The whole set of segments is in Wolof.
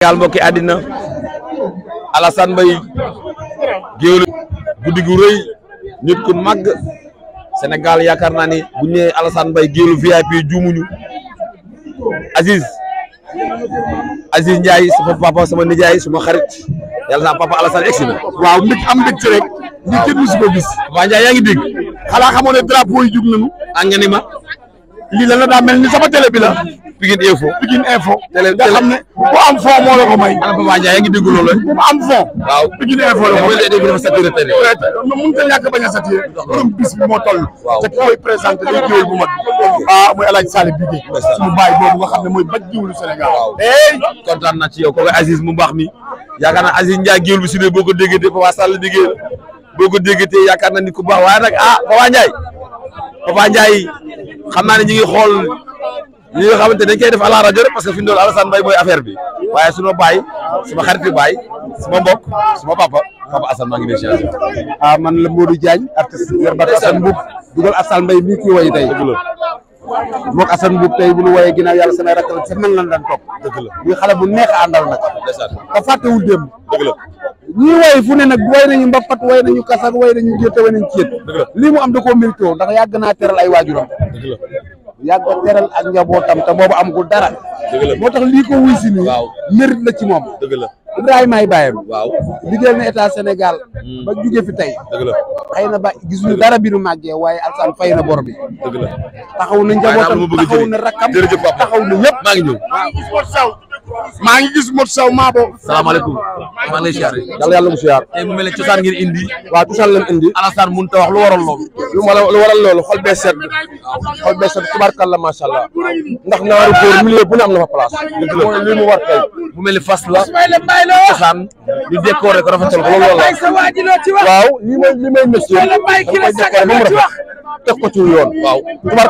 yàlla mbokki àddina Alassane Mbaye géwél guddi gu rëy nit ku màgg Sénégal yaakaar naa ni bu ñëwee Alassane Mbaye géwélu VIP juumuñu Aziz Aziz Ndiaye sama papa sama nijaay sama xarit yàlla naa papa Alassane egsi na. waaw mbég am mbég ci rek. ñu kenn musu ko gis. waa Ndiaye yaa ngi dégg. xalaa xamoo ne drapeau yi jug nañu. ah nga ma. lii la daa mel ni sama télé Pikine Info. Pikine Info. nga xam ne ku am fond moo la ko may. ana Papa Ndiaye yaa ngi dégg loolu ku am fond. waaw Pikine Info la ko may. mais dafa saturé tey de. mënut a ñàkk a bañ a saturé. borom bis bi moo toll. waaw te ki koy présenté day jiw bu mag. ah muy El Hadj Salif Bigué. baay boobu nga ne mooy baj jiwlu Sénégal. kontaan na ci yow kooku Aziz mu baax mi yaakaar naa Aziz Ndiaye jiwlu bi su dee boo ko déggatee Papa Sall Bigué boo ko déggatee yaakaar na nit ku baax waaye nag ah Papa Ndiaye Papa Ndiaye xam naa ne ñu ñi nga xamante dañ koy def à rajo rek parce que fi mu doon Alassane Mbaye mooy affaire bi waaye suma baay suma xarit bi baay suma mbokk suma papa papa Assane maa ngi lay ziar. ah man la Modou Diagne artiste Yerbat Assane Mboup dugal Assane Mbaye mii kii way tey. mook Assane Mboup tey bu ñu wooyee ginnaaw yàlla samay rakk la sa mel lan daan topp. dëgg la muy xale bu neex a àndal nag. te fàttewul démb. dëgg la ñii woy na ne nag woy nañu mbapat woy nañu kasak woy nañu gerte woy nañu ceet. dëgg la lii mu am da koo mérité ndax yàgg naa teral ay waajuram. yàgg a ak njabootam te boobu amagul dara. dëgg la moo tax lii ko wuy la ci moom. dëgg la Ibrahima ay bàyyam. waaw liggéeyal na état Sénégal. Hmm. ba jóge fi tey. dëgg xëy na ba gisuñu dara bi nu màggee waaye Alassane fay na bor bi. dëgg taxaw na njabootam taxaw na rakkam taxaw na ñëpp maa ngi ñëw. maa gis Mabo salaamaaleykum maa ngi lay siyaar yàlla yàlla mu siyaar tey mu mel ne cosaan ngeen indi waaw cosaan lañ indi Alassane mun ta wax lu waral loolu lu lu waral loolu xol xol allah ndax naaru góor milieu bu ne am na fa place mooy li mu war tey mu mel fas la cosaan ñu décoré ko rafetal ko loolu la waaw li may li may monsieur ko ci yoon waaw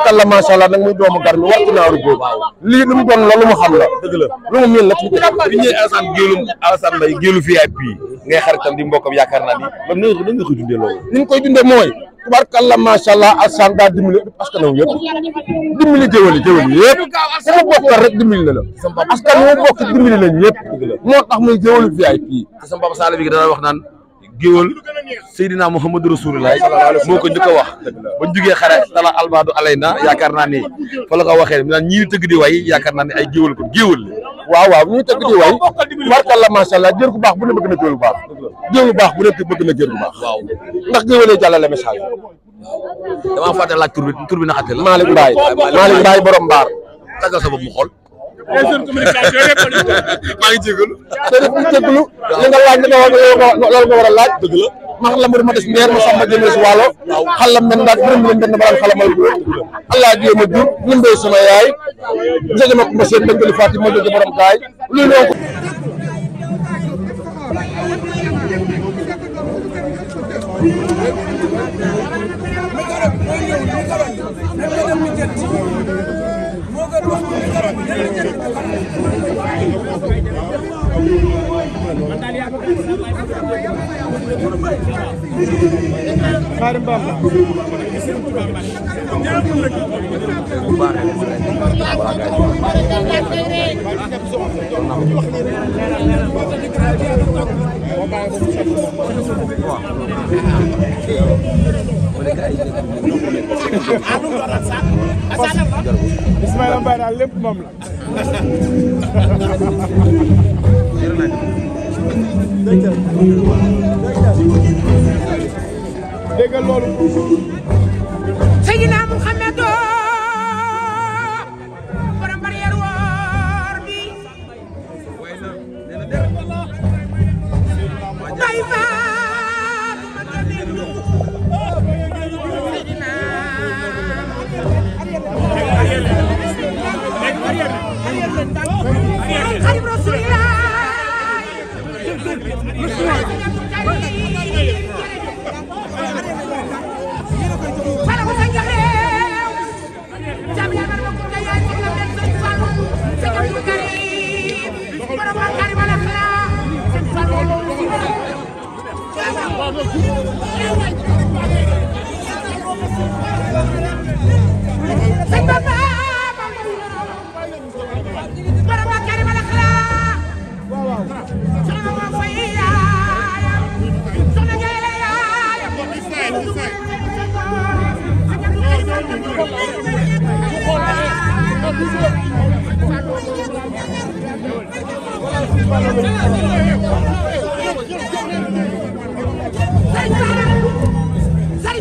allah muy doomu naaru lu mu la lu mu xam la la moom ñun nag bi fi Alassane Géelu Alassane Mbaye Géelu VIP ngay xaritam di mbokkam yaakaar naa ni lan nga koy dundee loolu ni ñu koy dundee mooy tubarkalla macha allah Alassane daa dimbali askan wu yëpp dimbali jëwali jëwali yëpp ku mu bokkal rek dimbali na la askan wu bokk dimbali nañ ñëpp moo tax muy Géelu VIP te sama papa Sall bi dana wax naan géwal Seydina Mouhamadou Rasulullah moo ko njëkk a wax bañ jugee xare tala yaakaar naa ne fa la ko waxee naan ñii tëgg di way yaakaar naa ne ay géwal ko waaw waaw ñuy tëgg di way warkal la macha allah gu baax bu ne bëgg na géer gu baax géer gu baax bu nekk bëgg na géer gu baax waaw ndax géwélee jàllale message damaa fàtte laaj tur bi tur bi naxate la Malick Mbaye Malick Mbaye borom mbaar taggal sa bopp mu xool maa ngi jégalu te def jégalu laaj a laaj man allah mari ma des ndeer ma samba jëmee si waalo xalla men ndaat burum len benn baran xala ma jur allah jee ma jur lëmbee sama yaay joge ma kuma seen dëngali faati ma joge borom gaay luy noo ko Thank you. Xaadim Bamba Ismaïla Mbaye daal lépp moom la dégg loolu Seydina Muhammad borom barrière woor bi bay faal ma damilu Seydina Muhammad xarim Rasulillah Para matar y para jalar. Solo vamos a ir a Say,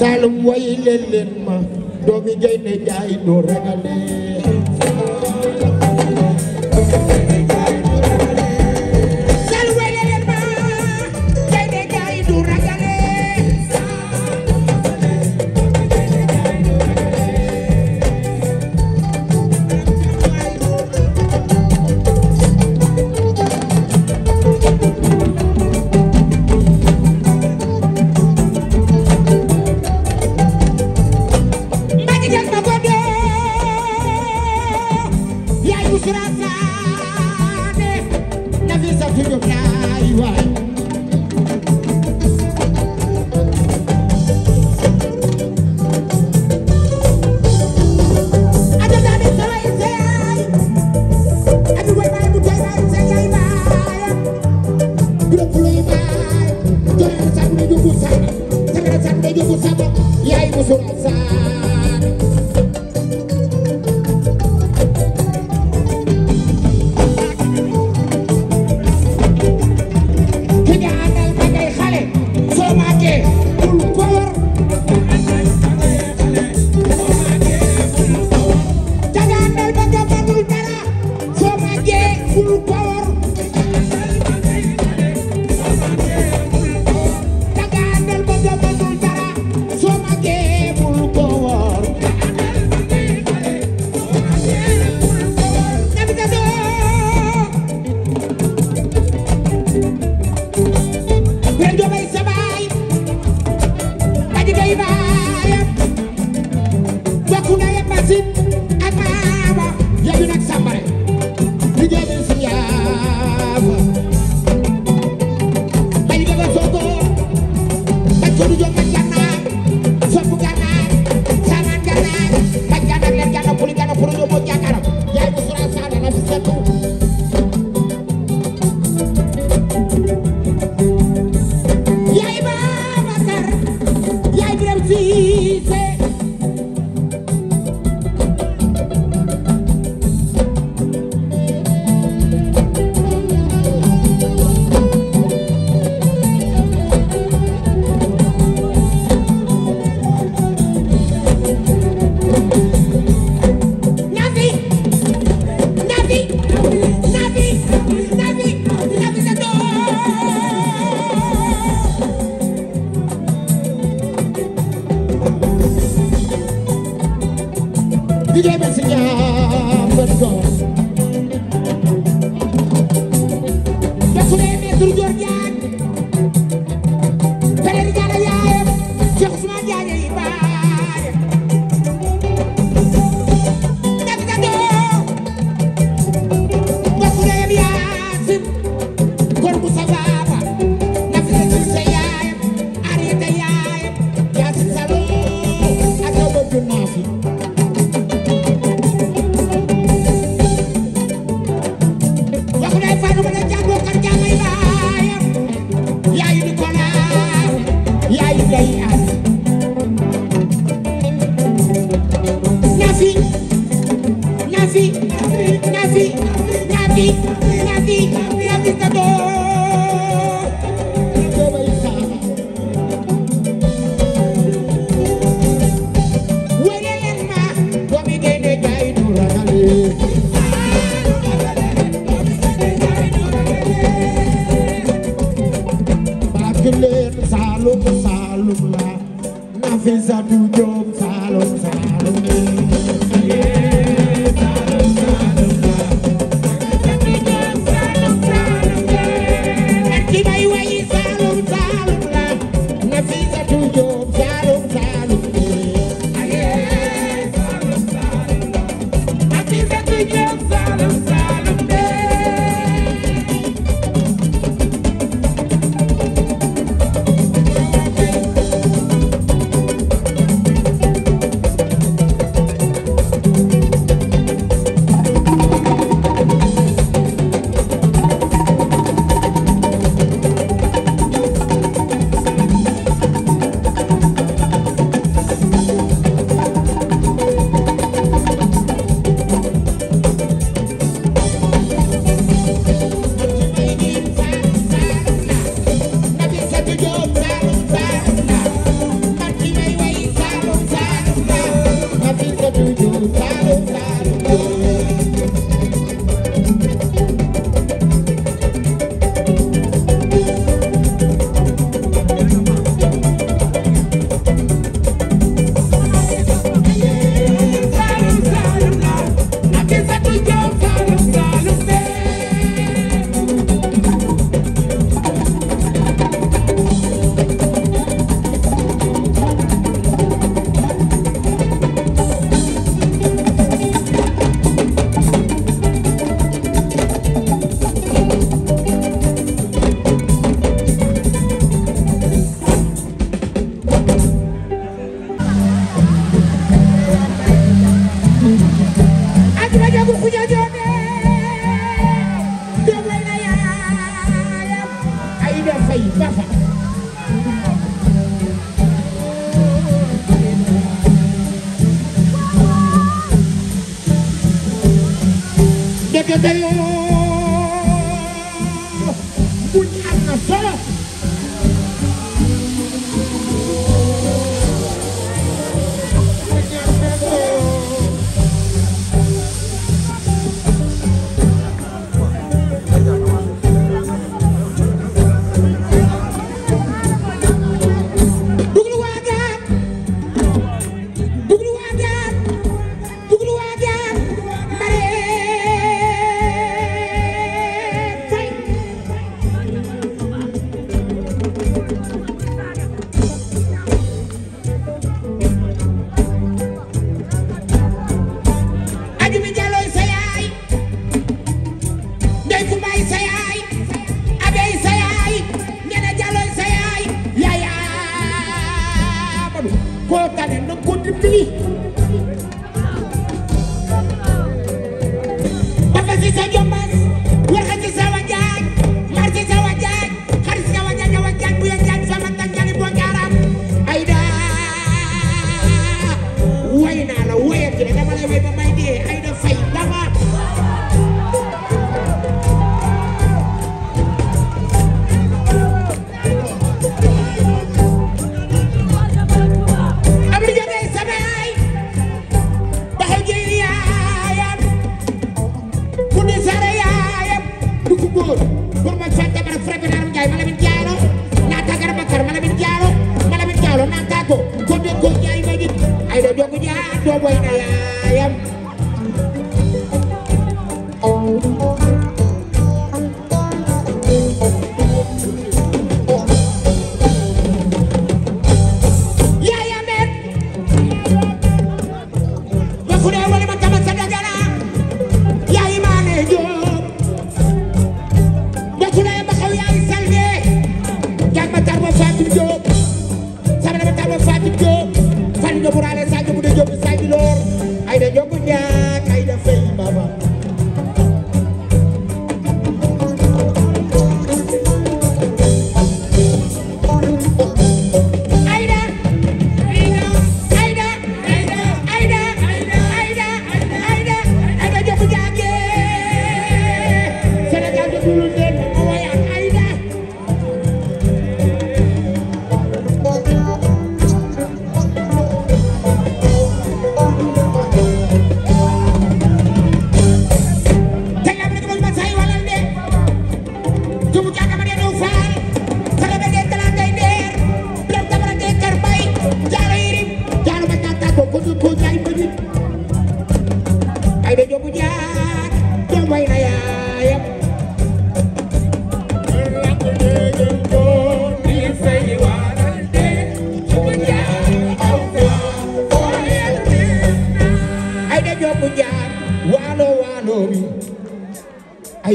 Saalum way leen leen ma doomi gaynde jaay du ragale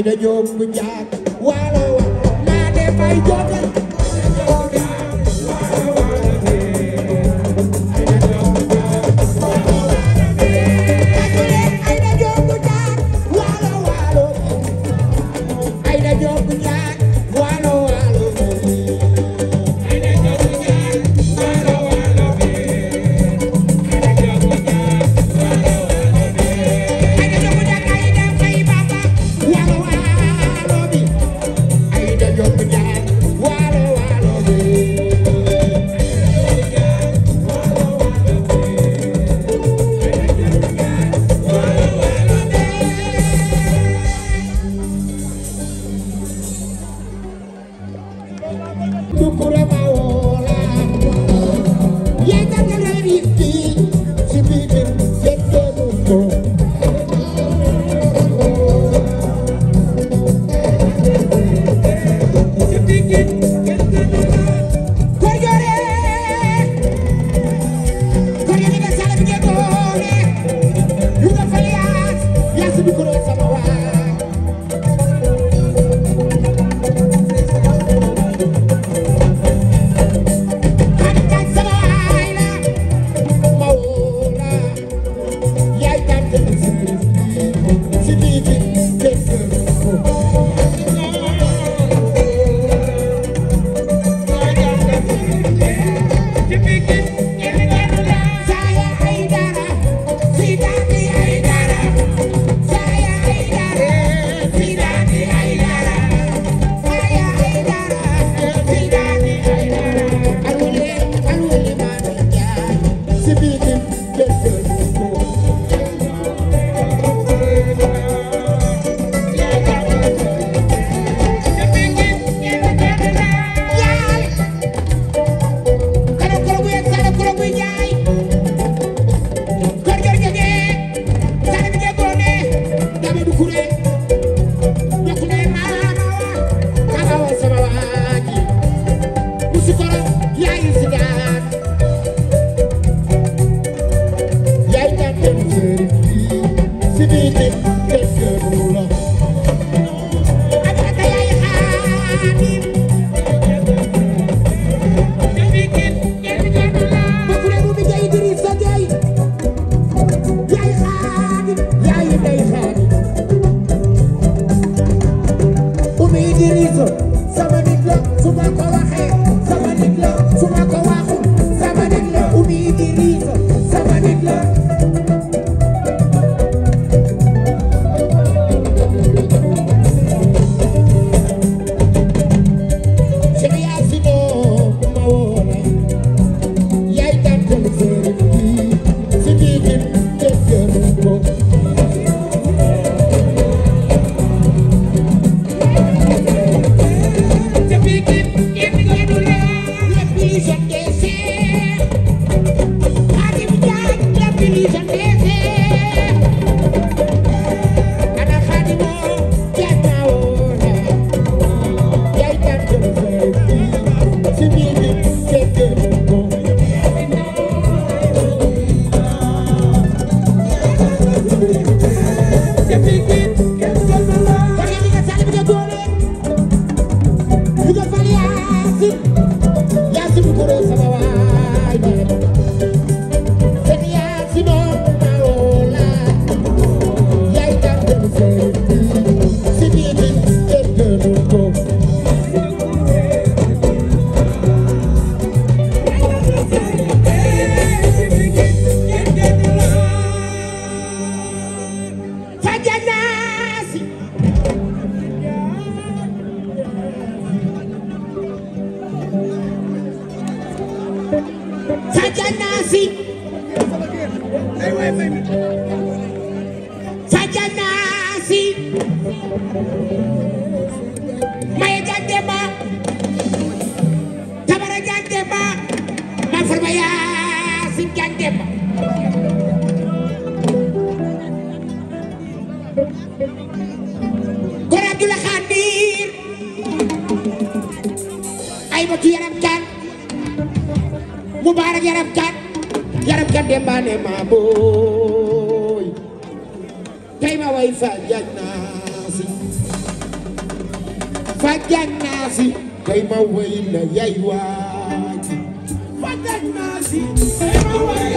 大家不要。garab ga dembaane ma booy tey ma way fajjaaj naa si fajjaaj naa si tey ma way la yay waaj fajjaaj naa si tey ma way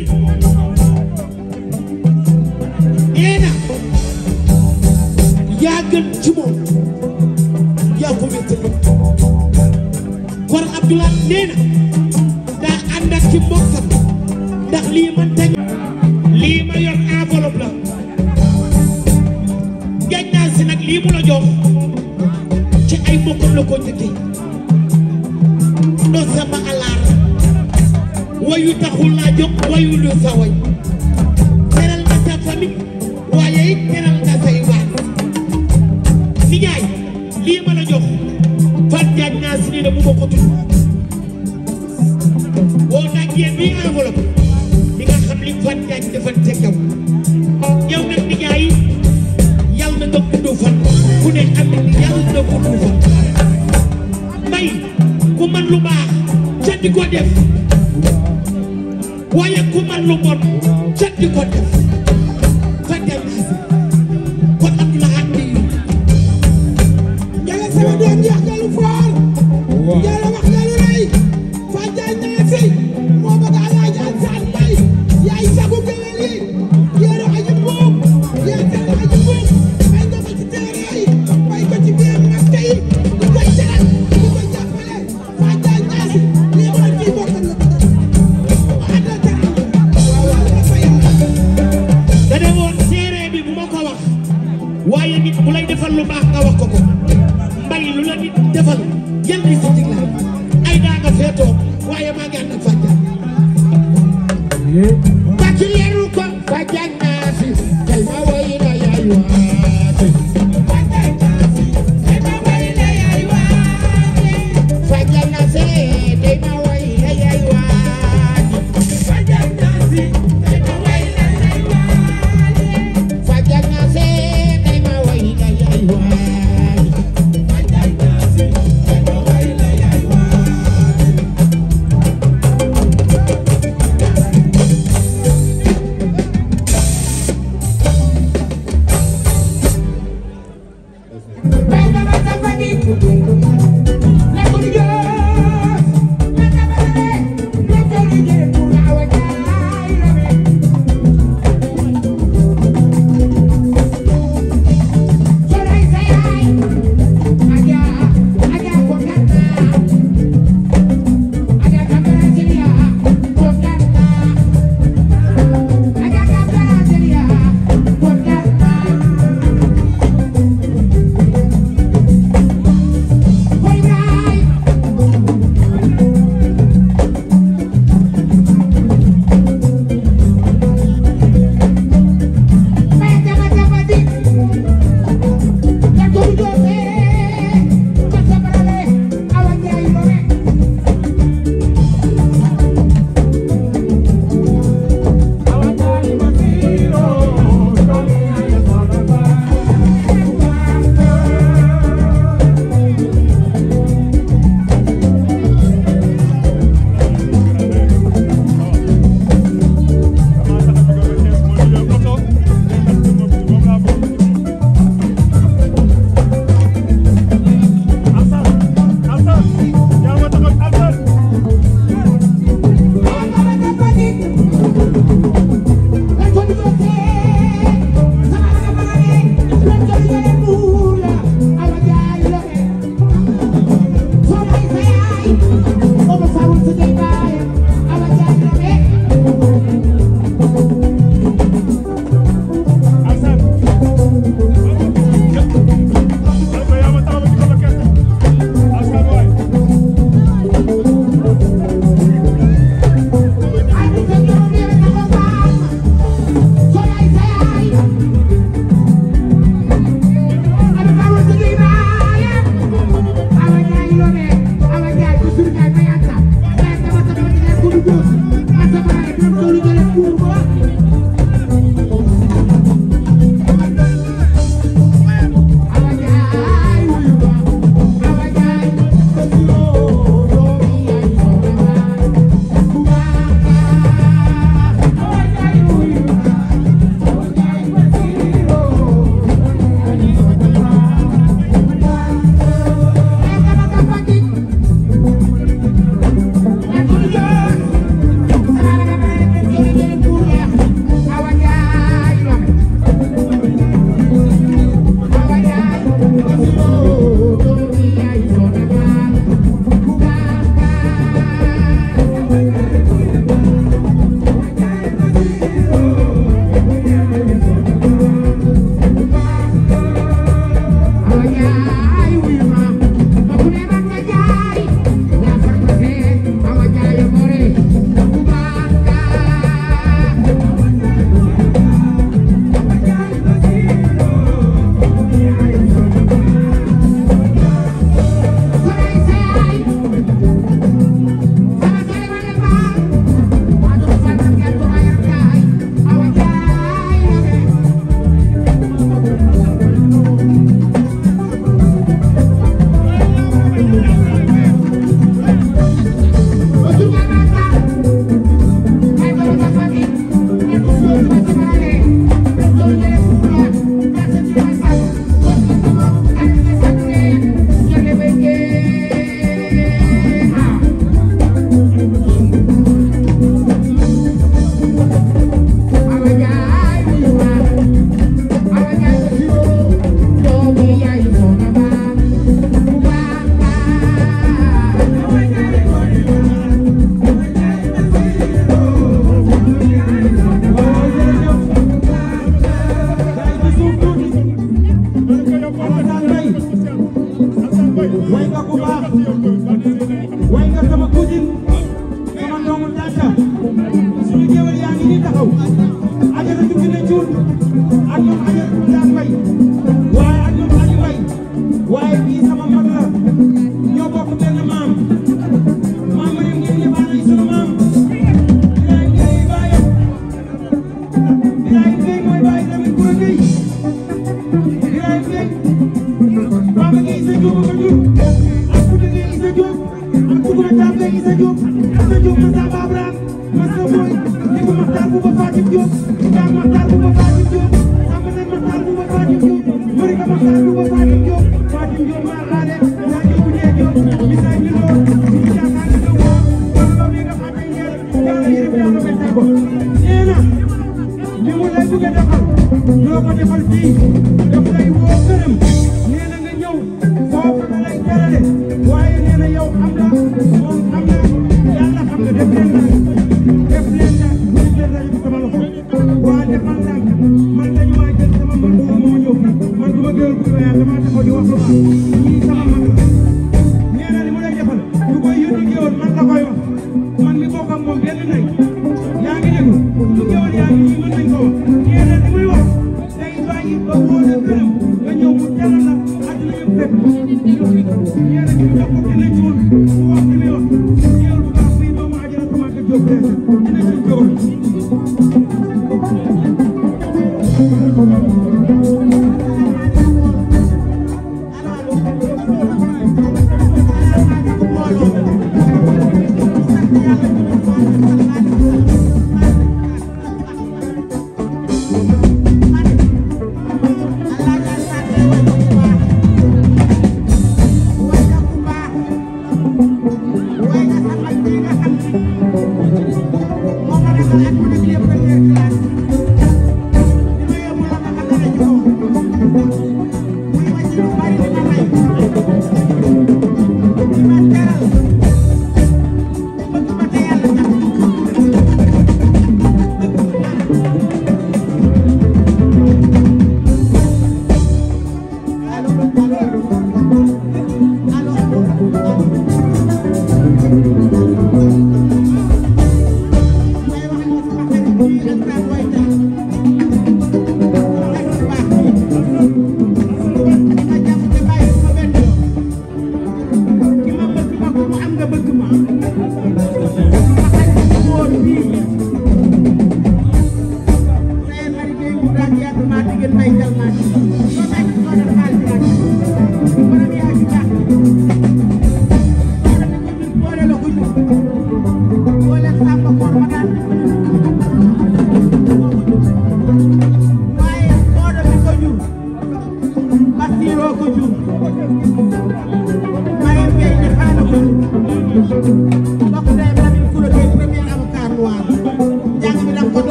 biir nee na yaa gën ci moom yaa ko wéttal war Abdoulaye nee na daa ànd ak ci mbokkam ndax lii man tañ lii ma yor enveloppe la gañ naa si nag lii mu ci ay mbokkam la ko njëkkee wayu taxul laa jóg wayu lu sa teral nga sa famille waaye teral nga say waat si lii ma la jox Fatou Diagne naa si ne de bu ma ko tudd woo dajjee bi enveloppe nga xam li Fatou Diagne defal ca kaw yow nag di jaay na nga gudd fan ku ne am na na gudd fan may ku mën lu baax ca di def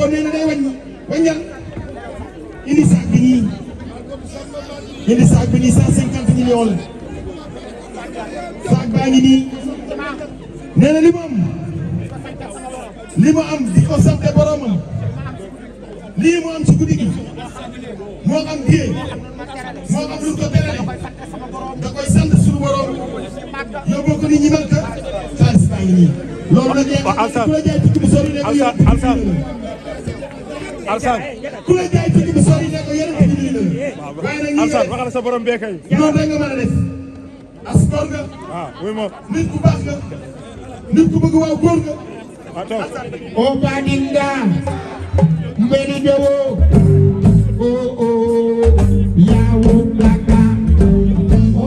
Sonko nee na day wàññi wàññal indi saak bi nii indi saak bi nii cent cinquante millions la saak baa ngi nii nee na li mu li mu am di ko sant boromam lii mu am ci guddi gi moo am biir moo am lu ko terale da koy sant suñu borom yóbboo ko nit ñi mel que xaalis baa ngi nii loolu nag yaa ngi nekk ku la jaay tukki bu alsan ku la jaay ci bi sori ne ko yéen a ngi fi waaye nag alsan waxal sa borom bee kay. noonu rek nga mën a def. as góor nga. waaw oui moom. nit ku baax nga. nit ku bëgg waaw góor nga. waaw toog. o baninda mbeni dewo o o yawu laka o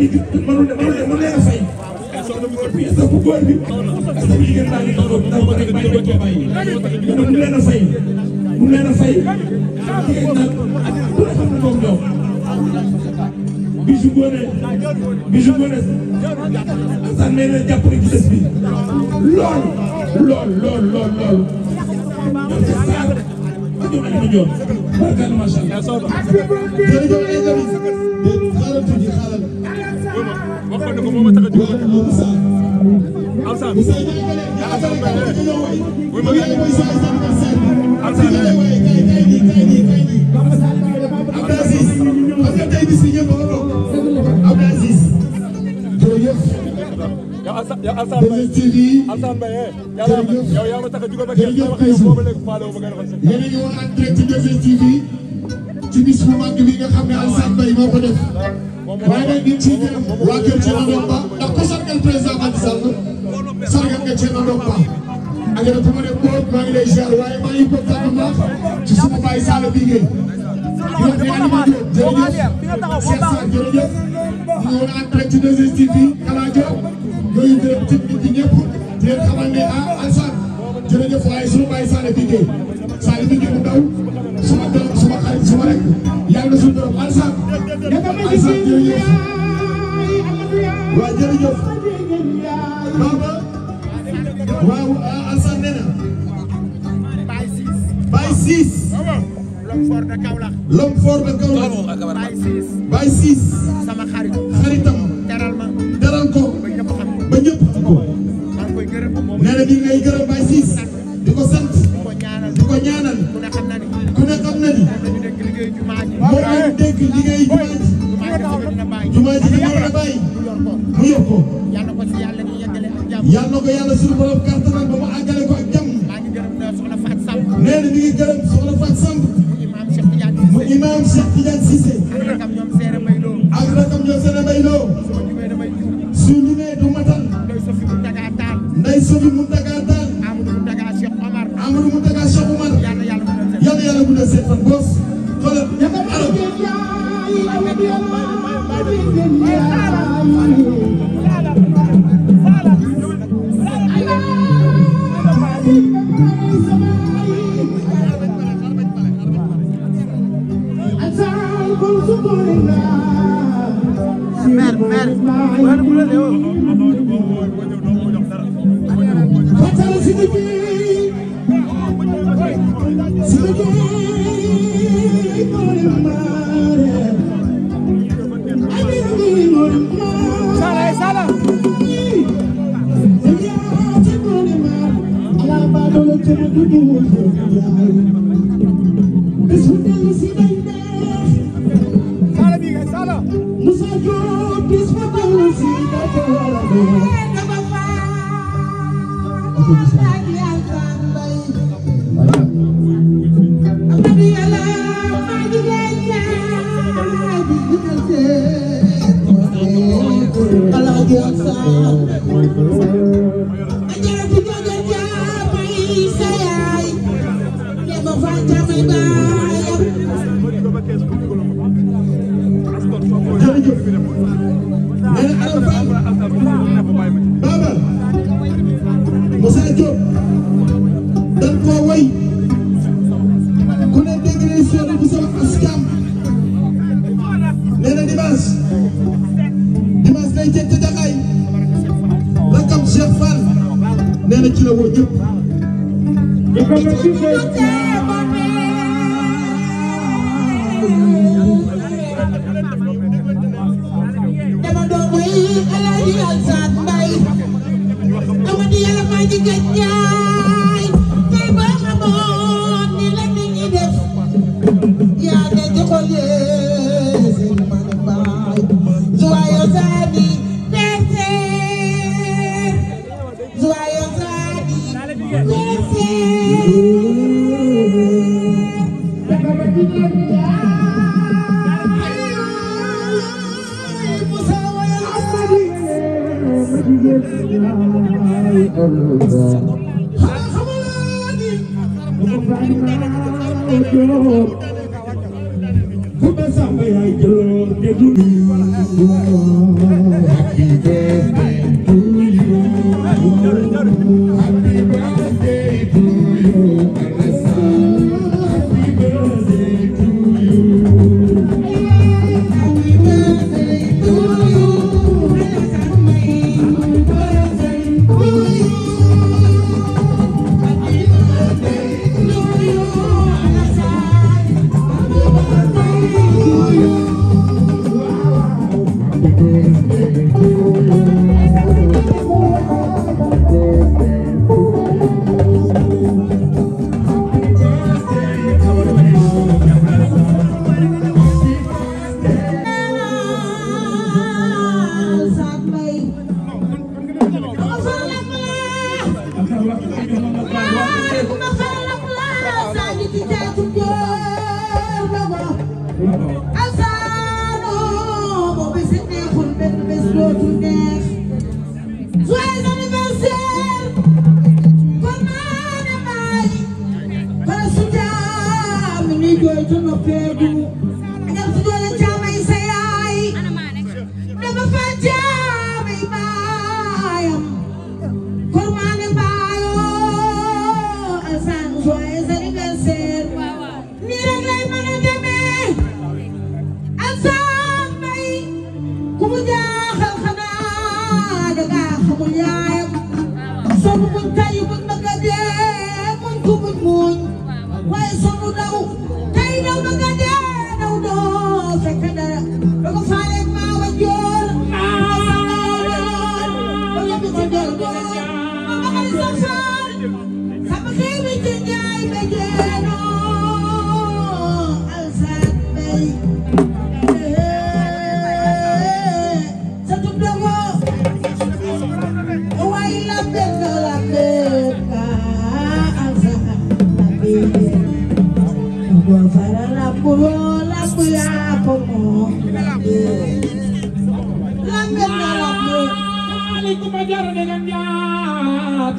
li juddu mënul mënul leen a fay. sa bu góor bi ak sa bu jigéen daal di toog ndax ba rek bàyyi ko bàyyi mënul leen a fay mënul leen a fay jigéen nag ak ku ne xam ne moom ñoom bisu góone bisu góone sax nee na jàpp rek ci des bi lool lool lool lool lool ñoom ci saar ñoom ak ñoom barkaan macha allah waxoon na ko moo ma tax a jóg alsaan alsaan bu ma gën alsaan Abdou Aziz parce que tey bis bi ñëpp a toog Abdou Aziz jërëjëf yow alsaan Mbaye alsaan Mbaye yow yaa ma tax a jóg ba kenn wax yow boobu léegi faale wu ma gën a fa yéen a ngi woon en direct ci 2STV ci bis bu mag bi nga xam ne Alassane Mbaye moo ko def waaye nag ñu ngi ciy gërëm waa kër Thierno Domba ndax ku sargal président Macky Sall sargal nga Thierno Domba ak yow fi ma ne Mbour maa ngi lay ziar waaye maa ngi bokk ak ma ci suñu baay Sall bi ngeen di wax ne Aliouma Diop jërëjëf Cheikh Sarr jërëjëf di nga war a entrainé ci 2STV Kalla Diop ñooy gërëm ci nit ñi ñëpp di leen xamal ne ah Alassane jërëjëf waaye suñu baay Sall bi ngeen Sall bi ngeen mu ndaw sama rek yàlla suñu borom alsan alsan jërëjëf waaw jërëjëf baba waaw alsan nee na bay siis sama xarit xaritam teral ma Banyak ko ba ñëpp ngay ñaanal xam na ni moom lañ dénk liggéey jumaa ji jumaa ji li war a bàyyi mu yor ko yal na ko yàlla suñu borom kàttanal ba mu àggale ko ak jàmm nee na mi ngi gërëm soxna Faat Samb mu imaam Cheikh a Cissé ak Gracias. Oh my God.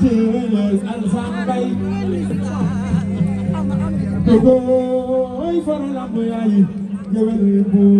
teewelooy alxambay dogooy faral ak to yaayi gewel bu